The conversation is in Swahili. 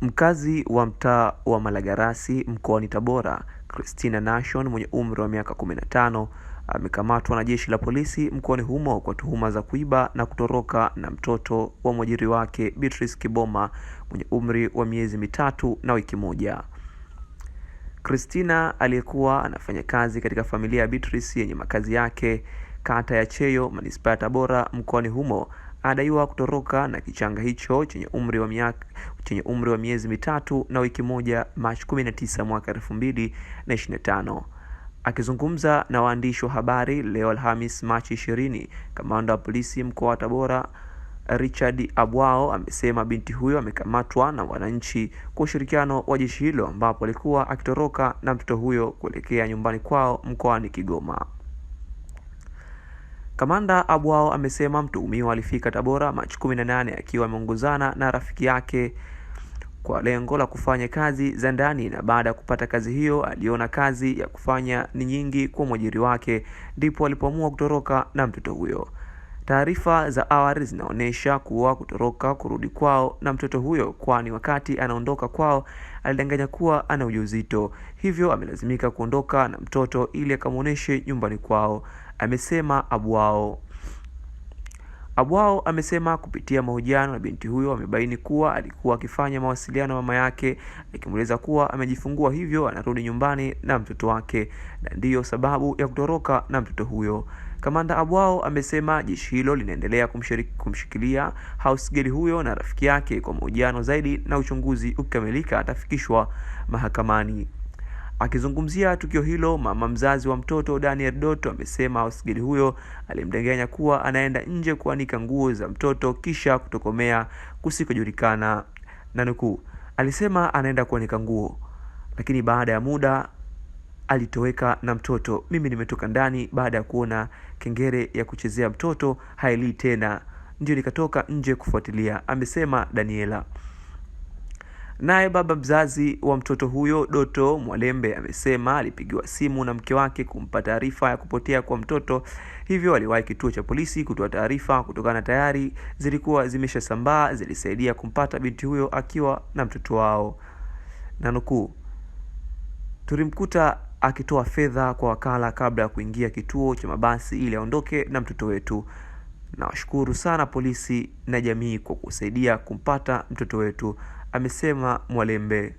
Mkazi wa mtaa wa Malagarasi mkoani Tabora, Christina Nation mwenye umri wa miaka kumi na tano amekamatwa na jeshi la polisi mkoani humo kwa tuhuma za kuiba na kutoroka na mtoto wa mwajiri wake Beatrice Kiboma mwenye umri wa miezi mitatu na wiki moja. Christina aliyekuwa anafanya kazi katika familia ya Beatrice yenye makazi yake kata ya Cheyo manispaa ya Tabora mkoani humo anadaiwa kutoroka na kichanga hicho chenye umri wa miaka chenye umri wa miezi mitatu na wiki moja Machi 19 mwaka 2025. Akizungumza na waandishi wa habari leo Alhamis Machi 20, kamanda wa polisi mkoa wa Tabora Richard Abwao amesema binti huyo amekamatwa na wananchi kwa ushirikiano wa jeshi hilo ambapo alikuwa akitoroka na mtoto huyo kuelekea nyumbani kwao mkoani Kigoma. Kamanda Abwao amesema mtuhumiwa alifika Tabora Machi 18 akiwa ameongozana na rafiki yake kwa lengo la kufanya kazi za ndani, na baada ya kupata kazi hiyo aliona kazi ya kufanya ni nyingi kwa mwajiri wake, ndipo alipoamua kutoroka na mtoto huyo. Taarifa za awali zinaonyesha kuwa kutoroka kurudi kwao na mtoto huyo, kwani wakati anaondoka kwao alidanganya kuwa ana ujauzito, hivyo amelazimika kuondoka na mtoto ili akamwonyeshe nyumbani kwao, amesema Abwao. Abwao amesema kupitia mahojiano na binti huyo amebaini kuwa alikuwa akifanya mawasiliano na mama yake akimweleza kuwa amejifungua, hivyo anarudi nyumbani na mtoto wake na ndiyo sababu ya kutoroka na mtoto huyo. Kamanda Abwao amesema jeshi hilo linaendelea kumshikilia girl huyo na rafiki yake kwa mahojiano zaidi, na uchunguzi ukikamilika atafikishwa mahakamani. Akizungumzia tukio hilo, mama mzazi wa mtoto Daniel Doto amesema hosgeli huyo alimdanganya kuwa anaenda nje kuanika nguo za mtoto kisha kutokomea kusikojulikana, na nukuu, alisema anaenda kuanika nguo, lakini baada ya muda alitoweka na mtoto. Mimi nimetoka ndani baada ya kuona kengele ya kuchezea mtoto hailii tena, ndio nikatoka nje kufuatilia, amesema Daniela. Naye baba mzazi wa mtoto huyo Doto Mwalembe amesema alipigiwa simu na mke wake kumpa taarifa ya kupotea kwa mtoto, hivyo aliwahi kituo cha polisi kutoa taarifa kutokana tayari zilikuwa zimeshasambaa, zilisaidia kumpata binti huyo akiwa na mtoto wao, na nukuu, tulimkuta akitoa fedha kwa wakala kabla ya kuingia kituo cha mabasi ili aondoke na mtoto wetu. Nawashukuru sana polisi na jamii kwa kusaidia kumpata mtoto wetu amesema Mwalembe.